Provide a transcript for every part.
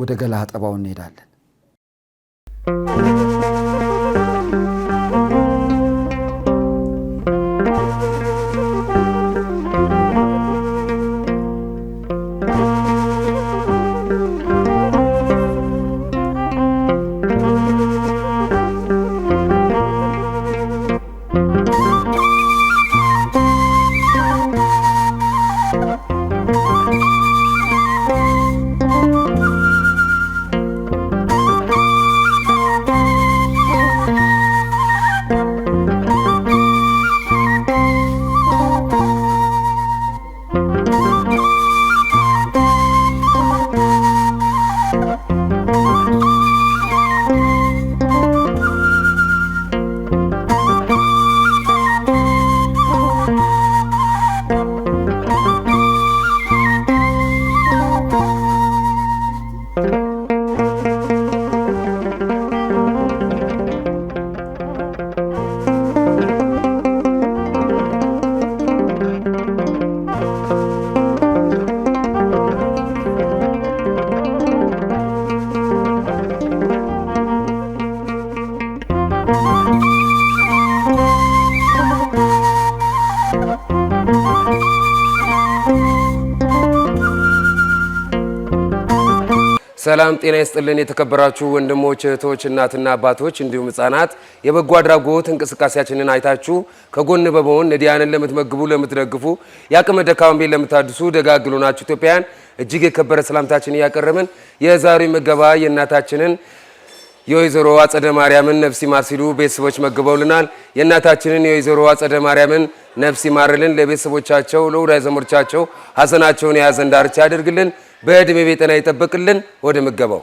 ወደ ገላ አጠባውን እንሄዳለን። ሰላም ጤና ይስጥልን። የተከበራችሁ ወንድሞች እህቶች፣ እናትና አባቶች እንዲሁም ህጻናት የበጎ አድራጎት እንቅስቃሴያችንን አይታችሁ ከጎን በመሆን ነዲያንን ለምትመግቡ፣ ለምትደግፉ የአቅመ ደካማን ቤት ለምታድሱ ደጋግሎናችሁ ኢትዮጵያውያን እጅግ የከበረ ሰላምታችን እያቀረብን የዛሬ ምገባ የእናታችንን የወይዘሮ አጸደ ማርያምን ነፍስ ይማር ሲሉ ቤተሰቦች መግበውልናል። የእናታችንን የወይዘሮ አጸደ ማርያምን ነፍስ ይማርልን፣ ለቤተሰቦቻቸው ለወዳጅ ዘመዶቻቸው ሀዘናቸውን የያዘን ዳርቻ ያደርግልን። በዕድሜ ቤጠና ይጠብቅልን። ወደ ምገባው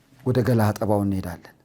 ወደ ገላ አጠባውን እንሄዳለን።